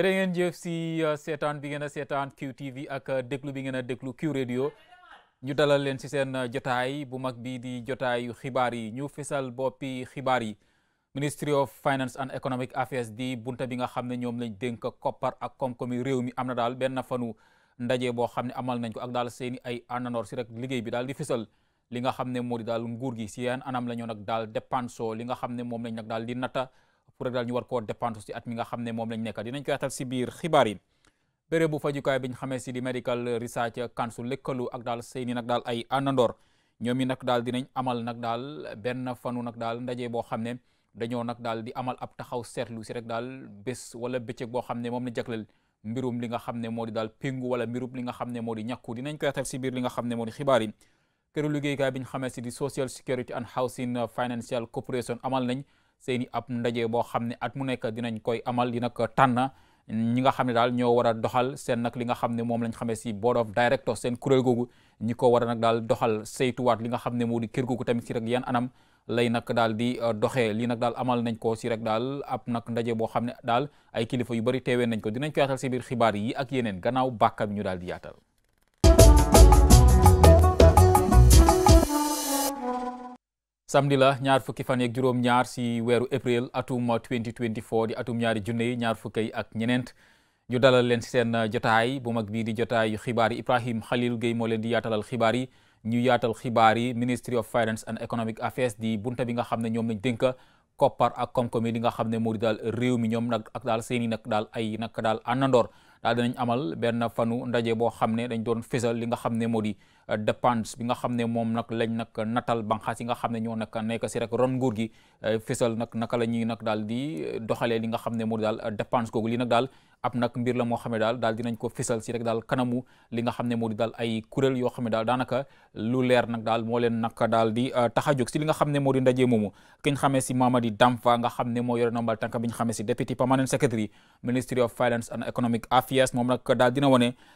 jërë ngeen jëf si euh, seetaan bi ngeen a seetaan QTV ak euh, déglu bi ngeen a déglu Q Radio ñu dalal leen si seen euh, jotaay bu mag bi di jotaayu xibaar yi ñu fesal boppi xibaar yi Ministry of Finance and Economic Affairs di bunta bi nga xam ne ñoom lañ dénk koppar ak koom-koomi réew mi am na daal benn fanu ndaje boo xam ne amal nañ ko ak daal seeni ay àndandoor si rek liggéey bi daal di fesal li nga xam ne moo di daal nguur gi si yan anam la ñoo nag daal dépensoo li nga xam ne moom lañ nag daal di natta pour rek daal ñu war koo dépendre ci at mi nga xam ne moom lañ nekk dinañ ko yaatal ci biir xibaar yi bérébu fajukaay bi ñu xamee ci di Medical Research Council lëkkalu ak daal seeni nag daal ay àndandoor ñoom yi nag daal dinañ amal nag daal benn fanu nag daal ndaje boo xam ne dañoo nag daal di amal ab taxaw seetlu si rek daal bés wala bëccëg boo xam ne moom la jagleel mbirum li nga xam ne moo di daal péngu wala mbirum li nga xam ne moo di ñàkku dinañ ko yaatal ci biir li nga xam ne moo di xibaar yi këru liggéeykaay bi ñu xamee ci di Social Security and Housing amal nañ seen i ab ndaje boo xam ne at mu nekk dinañ koy amal di nag tànn ñi nga xam ne daal ñoo war a doxal seen nag li nga xam ne moom lañ xamee si board of directors seen kuréel googu ñi ko war a nag daal doxal saytuwaat li nga xam ne moo di kër googu tamit si rek yan anam lay nag daal di euh, doxee lii nag daal amal nañ ko si rek daal ab nag ndaje boo xam ne daal ay kilifa yu bëri teewee nañ ko dinañ ko yaatal si biir xibaar yi ak yeneen gannaaw bàkka ñu daal di yaatal samedi la ñaar fukki fan yeeg juróom-ñaar si weeru avril atum 2024 di atum ñaari junne yi ñaar fukki ak ñeneent ñu dalal leen seen jotaay bu mag bii di jotaayu xibaar yi Ibrahim Khalil Gueye moo leen di yaatalal xibaar yi ñu yaatal xibaar yi Ministry of Finance and Economic Affairs di bunta bi nga xam ne ñoom lañ dénk koppar ak koom-koom yi nga xam ne moo daal réew mi ñoom nag ak daal seen i nag daal ay nag daal àndandoor daal dinañ amal benn fanu ndaje boo xam ne dañ doon fésal li nga xam ne moo di euh, dépense bi nga xam ne moom nag lañ nag natal banqaas yi nga xam ne ñoo nag nekk si rek ron nguur gi euh, fésal nag naka la ñuy nag daal di euh, doxalee li nga xam ne moo daal dépense googu li nag daal ab nag mbir la moo xam ne daal daal dinañ ko fisal si rek daal kanamu li nga xam ne moo di daal ay kuréel yoo xam daal daanaka lu leer nag daal moo leen daal di tax a si li nga xam ne moo di ndaje moomu ki ñu xamee si Mamadi Damfa nga xam ne moo yore nombal tànk bi ñu xamee si deputy permanent secretary ministry of finance moom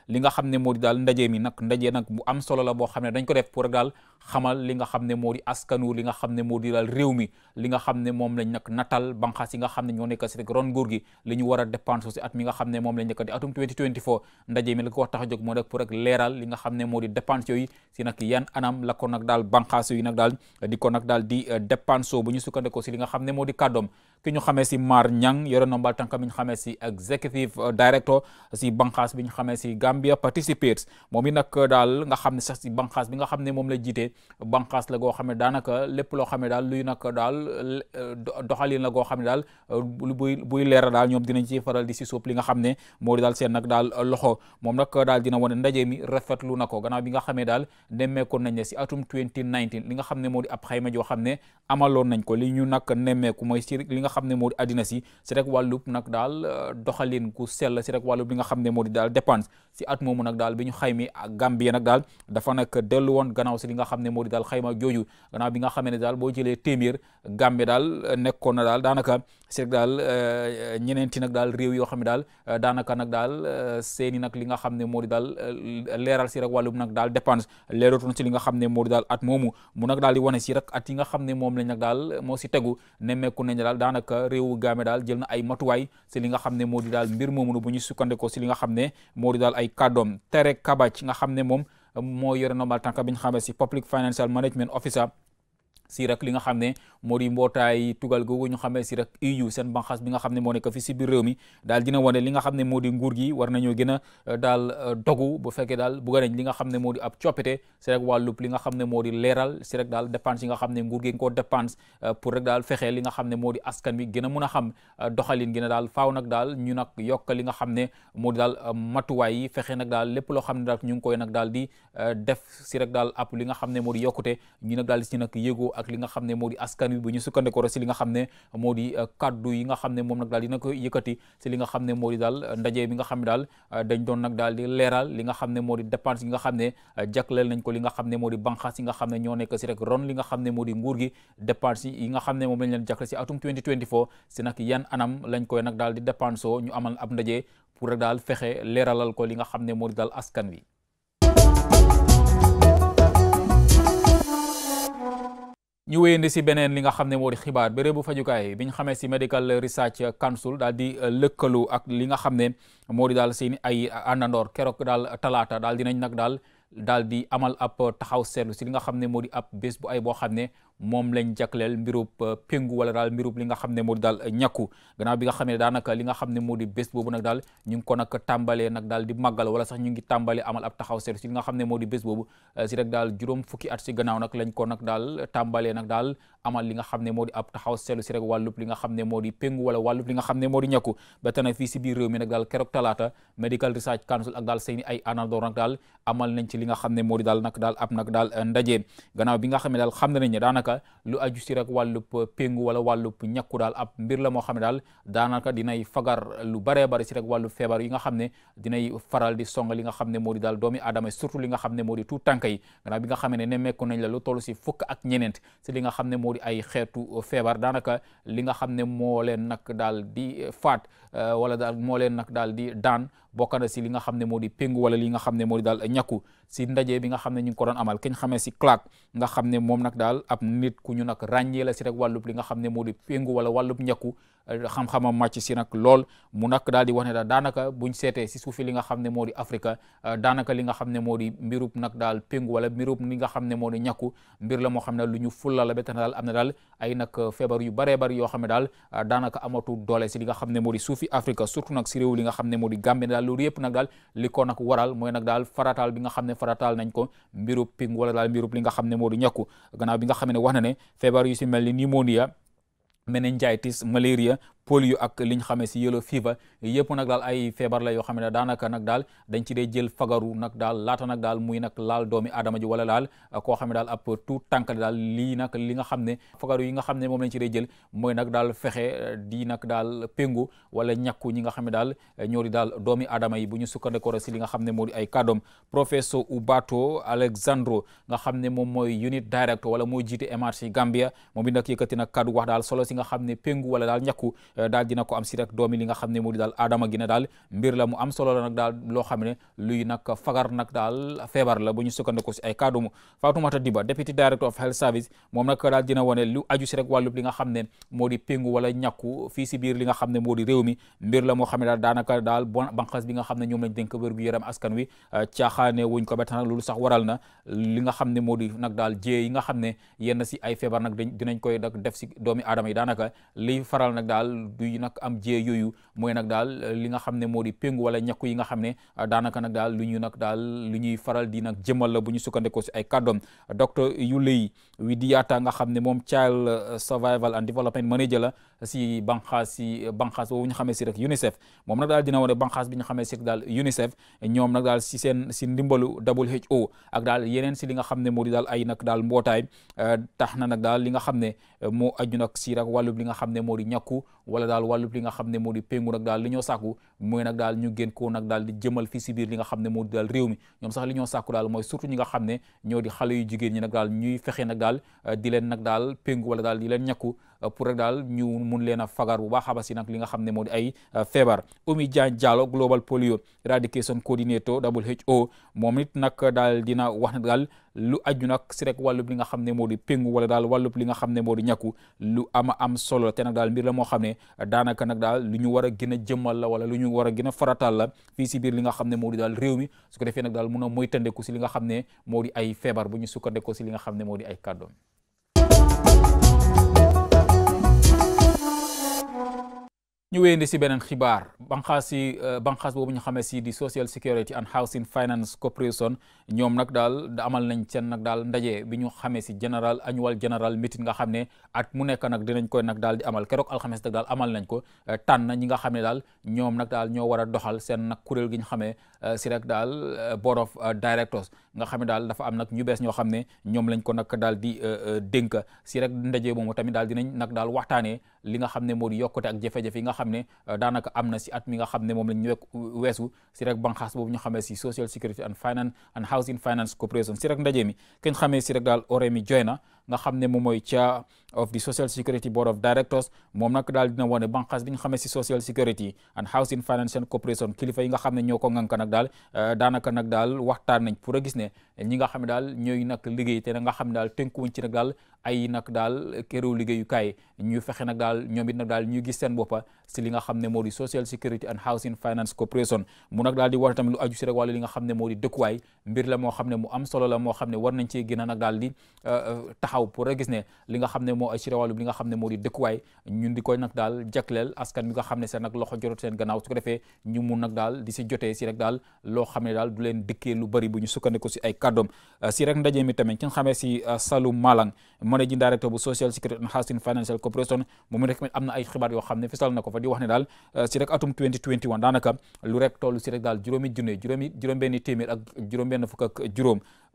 li nga xam ne daal ndaje mi nag ndaje nag am solo la boo xam ne dañ ko def pour rek daal xamal li nga xam ne moo di askanu li nga xam ne moo di daal réew mi li nga xam ne moom lañ nag natal banqaas yi nga xam ne ñoo nekk si rek ron nguur gi li ñu war at mi nga xam ne moom lañ njëkkati atum 2024 ndaje mi la ko wax tax a jóg moo nag pour rek leeral li nga xam ne moo di dépense yooyu si nag yan anam la ko nag daal banqaas yi nag daal di ko nag daal di euh, dépense bu ñu sukkandikoo si li nga xam ne moo di kàddoom ki ñu xamee si Mar Niang yore nombal tànk bi ñu xamee si executive euh, director si banqaas bi ñu si Gambia Participates moom it daal nga xam ne sax si bi nga xam ne moom la jiite banqaas la goo xam ne daanaka lépp loo xam ne daal luy nag daal euh, doxalin la goo xam ne daal euh, buy buy leera daal ñoom dinañ ci faral di si suuf li nga xam ne moo di seen nag daal loxo moom nag daal dina wane ndaje mi rafetlu na ko gannaaw bi nga xamee daal nemmeekoon nañ ne si atum 2019 li nga xam ne moo di ab xayma joo xam nañ ko li ñu nag nemmeeku mooy si li nga xam ne moo di àddina si si rek wàllub nag daal euh, doxalin ku sell si rek wàllub li xam ne moo di daal dépense si at moomu nag daal bi ñu xaymi Gambie nag daal dafa nag dellu woon gannaaw si li nga xam ne moo di daal xayma jooju gannaaw bi nga xamee ne daal boo jëlee téeméer Gambie daal euh, nekkoon na daal daanaka si rek daal euh, ñeneenti nag daal réew yoo xam ne daal daanaka nag daal seeni nag li nga xam ne moo di daal leeral si rek wàllub nag daal dépense leerootoon si li nga xam ne moo di daal at moomu mu nag daal di wane si rek at yi xam ne moom lañ nag daal daal daanaka réewu Gambie daal jël na ay matuwaay si li nga xam ne moo di daal mbir moomu bu ñu sukkandikoo si li nga xam ne moo di daal ay kàddoom Tere Kabach nga xam ne moom moo yore normal tànk bi ñu xamee si Public Financial Management Officer si rek li nga xam ne moo di mbootaay tugal googu ñu xamee si rek EU seen banqaas bi nga xam ne moo nekk fi si biir réew daal dina wane li nga xam ne moo di nguur gi war nañoo gën a daal dogu bu daal bugga nañ li nga xam ne moo di ab coppite si rek li nga xam ne moo di leeral si rek daal dépense yi nga xam ne nguur gi nga ko dépense pour rek daal fexee li nga xam ne moo di askan bi gën a mun a xam doxalin gën a daal faaw nag daal ñu nag yokk li nga xam ne moo di matuwaay yi fexe nag daal lépp loo xam ne daal ñu ngi koy nag daal di def si rek daal ab li nga xam ne moo di yokkute ñu nag daal si nag ak li nga xam ne moo di askan wi bu ñu sukkandikoo rek si li nga xam ne moo di kaddu yi nga xam ne moom nag daal dina ko yëkkati li nga xam ne moo di daal ndaje bi nga xam ne daal dañ doon nag daal di leeral li nga xam ne moo di dépense yi nga xam ne jagleel nañ ko li nga xam ne moo di banqaas yi nga xam ne ñoo nekk si rek ron li nga xam ne moo di nguur gi dépense yi xam ne moom lañ leen jagleel si atum 2024 si nag yan anam lañ koy nag daal di dépense ñu amal ab ndaje pour rek daal fexe leeralal ko li nga xam ne moo di daal askan wi ñu wéyandi si beneen li nga xam ne moo di xibaar bérébu fajukaay bi ñu xamee si Medical Research Council daal di euh, lëkkaloo ak li nga xam ne moo di daal seen ay àndandoor kerook daal talaata daal nañ nag daal daal di amal ab taxaw seetlu si li nga xam ne moo di ab bés bu ay boo xam ne moom lañ jagleel mbirub euh, péngu wala daal mbirub li nga xam ne moo di daal ñàkku gannaaw bi nga xam ne daanaka li xam ne moo di daal ñu ngi ko nag tàmbalee nag wala sax ñu ngi tàmbalee amal ab taxaw seet nga xam ne moo di bés boobu euh, si rek daal juróom daal tàmbalee nag daal amal li nga xam ne moo di ab taxaw seetlu si rek wàllub li nga xam ne moo di péngu wala wàllub li nga xam ne moo di ñàkku ba tey nag fii si biir réew mi nag daal keroog xam ne moo di daal nag daal ab nag daal ndaje gannaaw bi nga xam ne daal xam nañ ne daanaka lu aju si rek wàllub péngu wala wàllub ñàkku daal ab mbir la moo xam ne daal daanaka dinay fagar lu baree bari si rek wàllu feebar yi nga xam ne dinay faral di song li nga xam ne moo di daal doomi aadama surtout li nga xam ne moo di tuut tànk yi gannaaw bi nga xam ne nemmeeku nañ la lu toll si fukk ak ñeneent si li nga xam ne moo di ay xeetu feebar daanaka li nga xam ne moo leen nag daal di faat wala daal moo leen nag daal di daan bokka na si li nga xam ne moo di péngu li nga xam ne moo di daal ñàkku si ndaje bi nga xam ne ñu ngi ko doon amal ken xamee si Clark nga xam ne moom nag daal ab nit ku ñu nag ràññee la si rek wàllub li nga xam ne moo di péngu wala wàllub ñàkku xam-xamam màcc si nag lool mu nag daal di wax ne daal daanaka buñ seetee si suufi li nga xam ne moo di Afrique daanaka li nga xam ne moo di mbirub nag daal péngu wala mbirub nga xam ne moo di ñàkku mbir la moo xam ne lu ñu fulla la ba tax am na daal ay nag feebar yu baree bari yoo xam ne daal daanaka amatu doole si li nga xam ne moo di suufi Afrique surtout nag si réew li nga xam ne moo di Gambie daal loolu yëpp nag daal li ko nag waral mooy nag daal farataal bi nga xam ne farataal nañ ko mbirub péngu wala daal mbirub li nga xam ne moo di ñàkku gannaaw bi nga xam ne wax na ne feebar yu si mel ni pneumonia meningitis malaria polio ak li ñu xamee si yellow fever yëpp nag daal ay feebar la yoo xam ne daanaka nag daal dañ ci dee jël fagaru nag daal laata nag daal muy nag laal doomi adama ji wala daal koo xam ne daal ab tout tànkale daal lii nag li nga xam ne fagaru yi nga xam ne moom lañ ci dee jël mooy nag daal fexe di nag daal péngu wala ñàkku ñi xam ne daal ñoo di daal doomi adama yi bu ñu sukkandikoo si li nga xam ne moo di ay kàddoom professeur Ubato Alexandro nga xam ne moom mooy unit director wala moo jiite MRC Gambia moom bi nag yëkkati nag kàddu wax daal solo si nga xam ne péngu wala daal ñàkku Euh, daal dina ko am si rek doomi li nga xam ne moo di daal aadama gi daal mbir la mu am solo la nag daal loo xam ne luy nag fagar nag daal feebar la bu ñu sukkandikoo si ay kàddu mu Fatoumata Diba deputy director of health service moom nag daal dina wane lu aju si rek wàllub li nga xam ne moo di wala ñàkku fii si biir li nga xam ne moo di réew mi mbir la moo xam ne daal daanaka daal bon banqas nga xam ne ñoom lañ dénk wér gu yaram askan wi euh, caaxaane wuñ ko ba tax nag loolu sax waral na li nga xam ne moo di nag daal jiyee yi nga xam ne yenn si ay feebar nag dinañ koy nag def si doomi aadama yi daanaka liy faral nag daal du nag am jee yooyu mooy nag daal li nga xam ne moo di péngu wala ñàkku yi nga xam ne ah, daanaka nag daal lu ñu nag daal lu ñuy faral di nag jëmal la bu ñu sukkandikoo si ay kàddoom docteur Yuley Widiata nga xam ne moom child uh, survival and development manager la si banqaas si banqaas boobu ñu xamee si rek UNICEF moom nag daal dina wane banqaas bi ñu xamee si rek daal UNICEF ñoom nag daal si seen si ndimbalu WHO ak daal yeneen si li nga xam ne moo di daal ay nag daal mbootaay eh, tax na nag daal li nga xam ne eh, moo aju nag si rek wàllub li nga xam ne moo di ñàkku wala daal wàllub li nga xam ne moo di péngu nag daal li ñoo sàkku mooy nag daal ñu gën koo nag daal di jëmal fii si biir li nga xam ne moo di daal réew mi ñoom sax li ñoo daal mooy surtout ñi nga xam ne ñoo di xale yu jigéen ñi nag daal ñuy fexe nag daal eh, di daal péngu wala daal di leen ñàkku pour rek daal ñu mun leen a fagar bu baax si nag li nga xam ne moo di ay euh, feebar Oumy Diagne Diallo global polio eradication coordinator WHO moom it nag daal dina wax ne daal lu aju nag si rek wàllub li nga xam ne moo di péngu wala daal wàllub li nga xam ne moo di ñàkku lu ama am solo te nag daal mbir la moo xam ne daanaka nag daal lu ñu war a gën a jëmmal la wala lu ñu war a gën a faratal la fii si biir li nga xam ne moo di daal rew mi su ko defee nag daal mun a moytandeku si li nga xam ne moo ay feebar bu ñu sukkandeku si li nga xam ne moo di ay kàddoom ñu wéyandi si beneen xibaar banxaas si euh, banxaas boobu ñu xamee si di social security and housing finance corporation ñoom nag daal da amal nañ seen nag daal ndaje bi ñu xamee si général annual général meeting nga xam ne at mu nekk nag dinañ koy nag daal di amal keroog alxames nag daal amal nañ ko tànn ñi nga xam ne daal ñoom nag daal ñoo war a doxal seen nag kuréel gi ñu xamee Euh, si rek daal euh, board of euh, directors nga xam ne daal dafa am nag ñu bees ñoo xam ne ñoom lañ ko nag daal di dénk si rek ndaje moomu tamit daal dinañ nag daal waxtaanee li nga xam ne moo di ak jafe-jafe yi nga xam ne daanaka am na si at mi nga xam ne moom lañ ñu weesu si rek banxaas boobu ñu xamee si social security and finance and housing finance corporation si rek ndaje mi ken xamee si rek daal ore mi joy na nga xam ne moom mooy chair of the social security board of directors moom nag daal dina wane banqaas bi nga xam ne si social security and housing finance and corporation kilifa nga xam ne ñoo ko ŋànk nag daal eh, daanaka nag daal waxtaan nañ pour gis ne ñi nga xam ne daal ñooy nag liggéey te nga xam ne daal tënkuwuñ ci nag daal ay nag daal këru liggéeyukaay ñu fexe nag daal ñoom it nag daal ñu gis seen boppa si li nga xam ne moo di Social Security and Housing Finance Corporation mu nag daal di war tamit lu aju si rek wàllu li nga xam ne moo di dëkkuwaay mbir la moo ne mu am solo la moo xam ne war nañ ci gën a nag daal di euh, euh, taxaw pour gis ne li nga xam ne moo aju si wàllu nga xam ne moo di dëkkuwaay ñun di koy nag daal jagleel askan bi nga xam ne seen nag loxo jorot seen gannaaw su ko defee ñu mun nag daal di si jote si rek daal loo xam ne daal du leen dikkee lu bari bu ñu sukkandiku si ay kàddoom euh, si rek ndaje mi tamit ki xamee si Salum Malang managing director bu social security and housing financial corporation moom rek am na ay xibaar yoo xam ne fisal na ko fa di daal euh, si rek atum 2021 lu rek toll si rek daal juróomi junne juróomi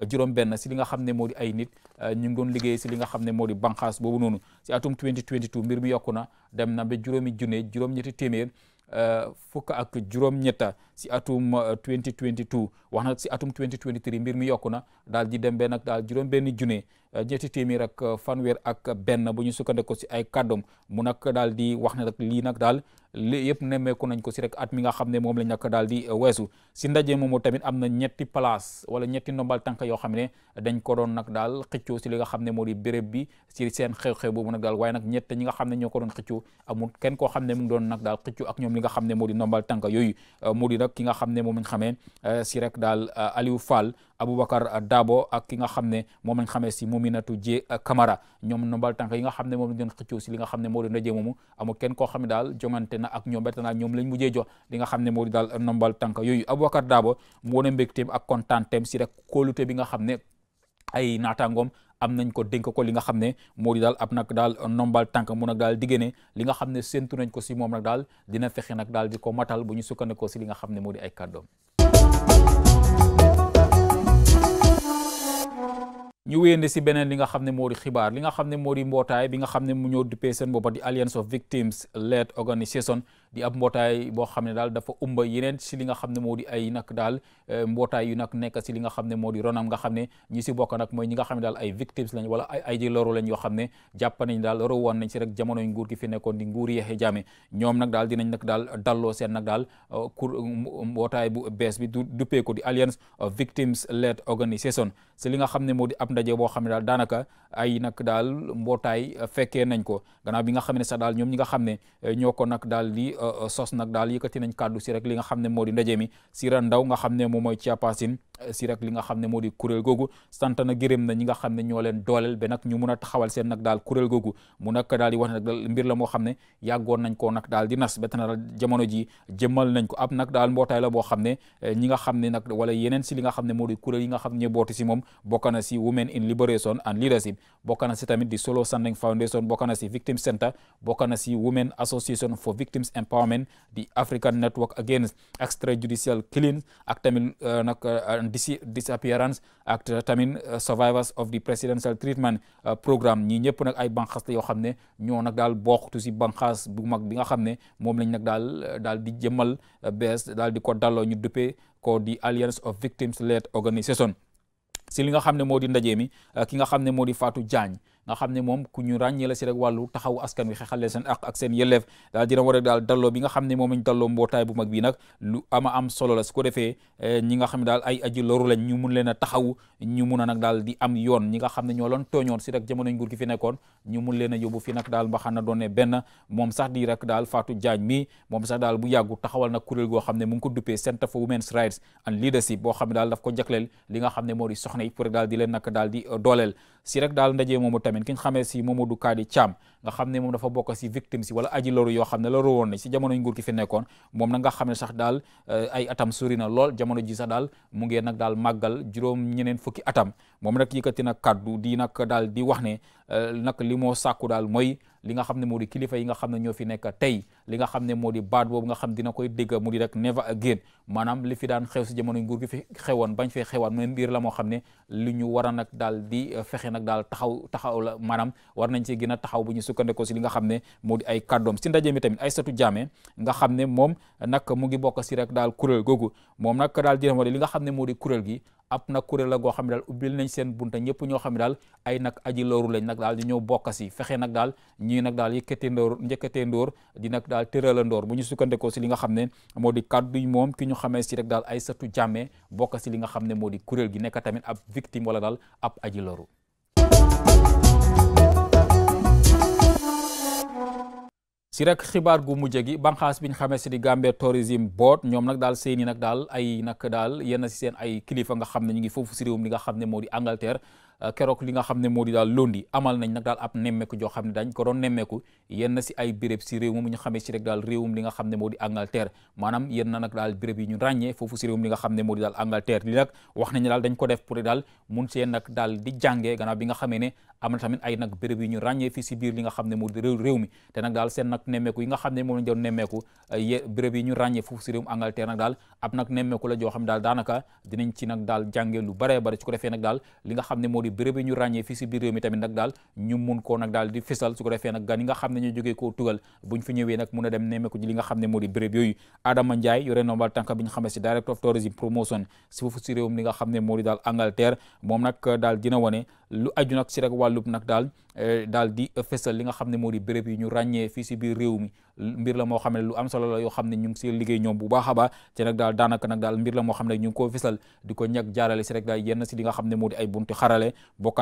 juróom si li nga xam ne moo di ay nit euh, ñu ngi doon liggéey si li nga xam ne moo di banqaas boobu noonu si atum 2022 mbir mi yokku na dem na ba juróomi junne juróom-ñetti téeméer Euh, fukk ak juróom-ñetta si atum 2022 euh, wax na si atum 2023 mbir mi yokku na daal di dem benn ak daal juróom benn junne euh, ñetti téeméer ak fanweer ak benn bu ñu sukkandekoo si ay kàddoom mu nag daal di wax ne rek lii nag daal li yëpp nemmeeku nañ ko si rek at mi nga xam ne moom la ñàkk daal di weesu si ndaje moomu tamit am na ñetti place wala ñetti ndombal tànk yoo xam ne dañ ko doon nag daal xëccoo si li nga xam ne moo di béréb bi si seen xew-xew boobu nag daal waaye nag ñett ñi nga xam ne ñoo ko doon xëccoo amul kenn koo xam ne mu ngi doon nag daal xëccoo ak ñoom li nga ne moo di ndombal tànk yooyu moo di nag ki nga xam ne moom lañ xamee si rek daal Aliou Fall Aboubacar Dabo ak ki nga xam ne moom lañ xamee si Mouminatou Dié Camara ñoom ndombal tànk yi nga xam ne moom lañ doon xëccoo si li nga xam ne moo di ndaje moomu amul kenn koo xam ne daal jongante na ak ñoom berte na ak ñoom lañ mujjee jox li nga xam ne moo di daal nombal tànk yooyu Aboubacar Dabo mu wane mbégteem ak kontaanteem si rek kóolute bi nga xam ne ay naataangoom am nañ ko dénk ko li nga xam ne moo daal ab nak daal nombal tànk mu nag daal diggéene li nga xam ne séntu nañ ko si moom nag daal dina fexe nag daal di ko matal bu ñu sukkandikoo si li nga xam ne moo di ay kàddoom ñu wéyande si beneen li nga xam ne moo di xibaar li nga xam ne moo di mbootaay bi nga xam ne mu ñoo duppee seen boppa di Alliance of Victims Led Organisation di ab mbootaay boo xam ne daal dafa umba yeneen si li xam ne moo di ay nag daal eh, mbootaay yu nag nekk si li nga xam ne moo di ronam nga xam ne ñi si bokk nag mooy xam ne daal ay victimes lañ wala xam ne jàpp nañ daal loru woon nañ si rek jamonoy nguur gi fi nekkoon di nguur yeexe jaame ñoom nag daal dinañ daal dalloo seen nag daal eh, kur mbootaay bu bees bi du duppee ko di Alliance of Victims Led Organisation si li nga xam ne moo di ab ndaje boo xam ne daal daanaka ay nag daal mbootaay eh, fekkee nañ ko gannaaw bi nga xam sax daal ñoom ñi nga xam ne ñoo ko nag daal di Euh, euh, sos nag daal yëkkati nañ kàddu si li nga xam ne moo di ndaje mi Sira Ndaw nga xam ne moom mooy euh, li nga xam ne moo di kuréel googu sant na gërëm na ñi nga xam ne ñoo leen dooleel ba nag ñu mun a taxawal seen nag daal kuréel googu mu nag daal di la moo xam ne yàggoon nañ koo nag daal di nas ba na jamono ji jëmmal nañ ko ab nag daal mbootaay la boo xam ne ñi nga xam ne nag wala yeneen si li nga xam ne moo di kuréel yi nga xam ne booti si moom bokk na si Women in Liberation Empowerment the African Network Against Extrajudicial Killings ak tamit uh, nag uh, disappearance ak tamit uh, survivors of the presidential treatment programme ñii ñëpp nag ay banxaas la yoo xam ne ñoo nag daal bokktu si banxaas bu mag bi nga xam ne moom lañ nag daal daal di jëmmal bes daal di ko dalloo ñu duppee ko di Alliance of Victims Led Organisation si li nga xam ne moo di ndaje mi ki nga xam ne moo di Fatou Jagne nga xam ne moom ku ñu ràññee si rek wàllu taxaw askan wi xeexal leen seen ak ak seen yelleef daal dina war a bi nga xam ne moom lañ dalloo mbootaay bu mag bi nag lu ama am solo la su ko defee eh, ñi nga xam ne daal ay aji loru mun leen a taxaw ñu mun a nag daal di am yoon ñi nga xam ne ñoo loon tooñoon si rek jamono nguur gi fi nekkoon ñu mun leen a yóbbu fi nag daal mbaxam na doon ne benn moom sax di rek daal Fatou Jagne mi moom sax daal bu yàggu taxawal nag kuréel goo xam ne mu ngi ko duppee Centre for Women's Rights and boo xam ne daal daf ko jagleel li nga xam ne moo di soxna yi pour daal di leen nag daal di eh, dooleel si rek daal ndaje moomu tamit ki nga xamee si Mamadou Kadi Thiam nga xam ne moom dafa bokk si victime si wala aji loru yoo xam ne loru woon na si jamono nguur ki fi nekkoon moom na nga xam ne sax daal euh, ay atam sori na lool jamono ji sax daal mu ngee nag daal màggal juróom ñeneen fukki atam moom nag yëkkati nag kaddu di nag daal di wax ne euh, nag li moo sàkku daal mooy li nga xam ne moo di kilifa yi nga xam ne ñoo fi nekk tey li nga xam ne moo di baat boobu nga xam dina koy dégg mu di rek never again maanaam li fi daan xew si jamono nguur gi fi xewoon bañ fee xewoon mooy la moo xam ne li ñu war a nag daal di euh, fexe nag daal taxaw taxaw la maanaam war nañ ci gën a taxaw bu sukkandikoo si li nga xam ne moo di ay kàddoom si ndaje mi tamit Aïssatou Diame nga xam ne moom nag mu ngi bokk si rek daal kuréel googu moom nag daal di li nga xam ne moo di kuréel gi ab nag kuréel la goo xam ne daal ubbil nañ seen bunta ñëpp ñoo xam ne daal ay nag aji looru nag daal di ñëw bokk si fexe nag daal ñii nag daal yëkkatee ndoor njëkkatee ndoor di nag daal tërala bu ñu sukkandikoo si li nga xam ne moo di kàddu moom ki ñu xamee si rek daal Aïssatou Diame bokk si li nga xam ne moo di kuréel gi nekka tamit ab victime wala daal ab aji looru si rek xibaar gu mujj gi banqaas bi ñu xamee si di Gambia Tourism Board ñoom nag daal seeni nag daal ay nag daal yenn si seen ay kilifa nga xam ne ñu ngi foofu si réewum li nga xam ne moo di Angleterre Euh, keroog li nga xam ne moo di daal londi amal nañ nag daal ab nemmeeku joo xam ne ko doon nemmeeku yenn si ay béréb si réew mu ñu xamee si rek daal réewum li nga xam ne moo di Angleterre maanaam yenn nag daal béréb yi foofu si réewum li nga xam ne moo di daal Angleterre li nag wax nañ daal dañ ko def pour daal mun see nag bi nga xamee ne am na tamit ay nag béréb yi ñu ràññee fii si biir li nga xam ne moo di réew réew mi te nag daal seen nag nemmeeku yi ne moom lañ doon nemmeeku yi ñu ràññee foofu si réewum Angleterre nag daal ab nag nemmeeku la joo xam ne daal daanaka dinañ ci nag daal jàngee lu bare bare su ko defee nag daal li xam ne moo di béréb yi ñu ràññee fii si biir réew mi tamit nag daal ñu mun koo nag daal di fisal su ko defee nag gan yi nga xam ne ñu jógee koo tugal buñ fi ñëwee nag mun a dem nemmeeku ji li nga xam ne moo di béréb yooyu Adama Ndiaye yore nombal tànk bi ñu xamee si director of tourism promotion si foofu si réewum li nga xam ne moo daal Angleterre moom nag daal dina wane lu aju nag si rek wàllub nag daal daal di fesal li nga xam ne moo di béréb yi ñu ràññee fii si biir réew mi mbir la moo xam ne lu solo yoo xam ne ñu ngi si liggéey ñoom bu baax a baax te nag daal daanaka nag daal mbir moo xam ne ñu ngi koo fesal di ko ñag si rek si li nga xam ne moo di ay buntu xarale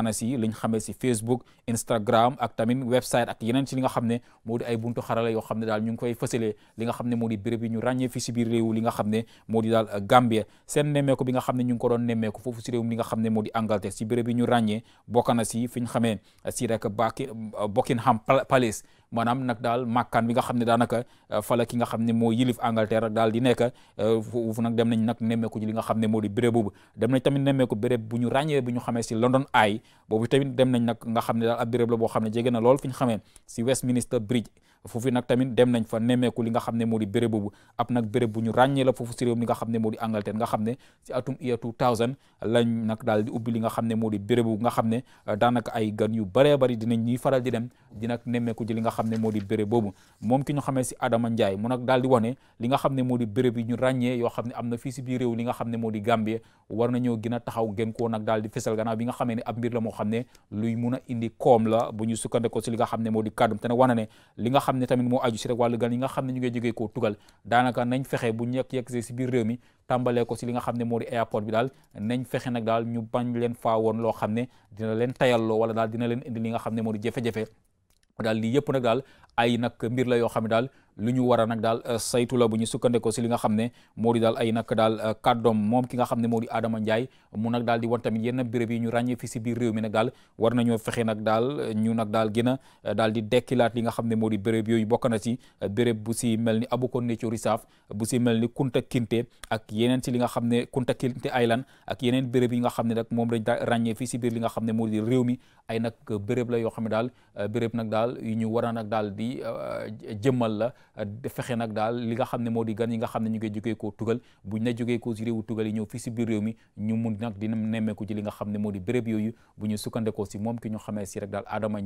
na si xamee si Facebook Instagram ak tamit website ak yeneen si li nga ne moo ay buntu xarale yoo xam ne daal ñu ngi koy fësalee li nga xam ne moo di yi ñu ràññee fii si biir réew li nga xam ne moo di daal Gambia seen nemmeeku bi nga xam ne ñu ngi ko doon nemmeeku foofu si réew mi li nga xam ne moo di Angleterre si béréb yi ñu ràññee bokk na si fi ñu xamee eh, si rek baki eh, Buckingham Palace maanaam nag daal màkkaan bi nga xam ne daanaka eh, fala ki nga xam ne moo yilif Angleterre ak daal di nekk foofu nag dem nañ nag nemmeeku li nga xam ne moo di béréb boobu dem nañ tamit nemmeeku béréb bu ñu ràññee ñu xamee si London Eye boobu tamit dem nañ nag nga xam ne daal ab béréb la boo xam ne jege na lool fi ñu xamee si Westminster Bridge foofu nag tamit dem nañ fa nemmeeku li nga xam ne moo di béréb boobu ab nag béréb bu ñu la foofu si réew mi nga xam ne moo di nga xam ne si atum year 2000 lañ nag daal di ubbi li nga xam ne moo di béréb boobu nga xam ne daanaka ay gan yu bëree bëri dinañ ñuy faral di dem di nag nemmeeku ji li nga xam ne moo di béréb boobu moom ki ñu xamee si Adama Ndiaye mu nag daal di wax li nga xam ne moo di béréb yi ñu ràññee yoo xam ne am na fii si biir réew li nga xam ne moo di Gambie war nañoo gën a taxaw gën koo nag daal di fesal gannaaw bi nga xame ne ab mbir la moo xam ne luy mun indi koom la bu ñu sukkandikoo si li nga xam ne moo di kàddum te ne wane li nga xam ne tamit moo aju si rek wàllu gan nga xam ne ñu ngi jógee koo tugal daanaka nañ fexe bu ñekk yegg si biir réew mi tàmbalee ko si li nga xam ne moo di airport bi daal nañ fexe nag daal ñu bañ leen faa woon loo xam ne dina leen tayalloo wala daal dina leen indi li nga xam ne moo di jafe daal lii yëpp nag daal ay nag mbir la yoo xam ne daal lu ñu war a nag daal euh, saytu la bu ñu sukkandekoo si li nga xam ne moo di daal ay nag daal euh, kàddoom moom ki nga xam ne moo di Adama Ndiaye mu nag daal di wan tamit yenn béréb yi ñu ràññee fi si biir réew mi war nañoo fexe nag daal ñu nag daal gën a euh, daal di dekkilaat li nga xam ne moo di béréb yooyu bokk na si béréb si mel ni Abuko Nature Reserve bu si mel ni Kunta Kinte ak yeneen si li nga xam ne Kunta Kinte Island ak yeneen béréb yi nga xam ne nag moom lañ ràññee fii si biir li nga xam ne moo di réew mi ay nag béréb la yoo xam ne daal béréb nag daal yu ñu war a nag daal di jëmmal la fexe nag daal li nga xam ne moo di gan yi nga xam ne ñu ngi jógee koo tugal buñ na jógee koo si réewu tugal yi ñëw biir réew ñu mun nag dina nemmeeku nga xam ne moo di béréb yooyu bu ñu sukkandekoo si moom ki ñu xamee si rek daal Adama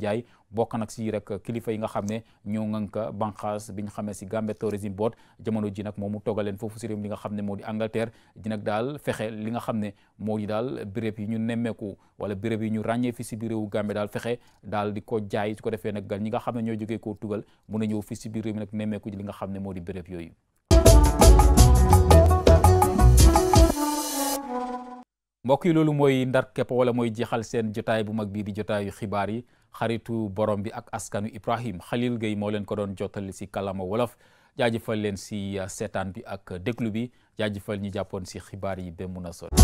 bokk nag si kilifa yi nga xam ne ñoo ngànk banqaas bi ñu xamee si Gambia Tourism jamono ji nag moomu toggaleen foofu si réew mi nga xam ne moo di Angleterre di nag daal fexe nga xam ne moo di daal béréb yi ñu nemmeeku wala béréb yi ñu ràññee fii si biir réewu Gambie daal fexe daal di ko jaay su ko defee nag gan ñi nga xam ne ñoo jógee ko tugal mun a ñëw fii si biir réew nag nemmeeku nemmeeku ji nga xam ne moo di bërëb yooyu. mbokk yi loolu mooy ndar képp wala mooy jeexal seen jotaay bu mag bii di jotaayu xibaar yi xaritu borom bi ak askanu Ibrahim Khalil Gueye moo leen ko doon jottali si kalama wolof jaajëfal leen si uh, seetaan bi ak déglu bi jaajëfal ñi jàppoon si xibaar yi ba mun a sori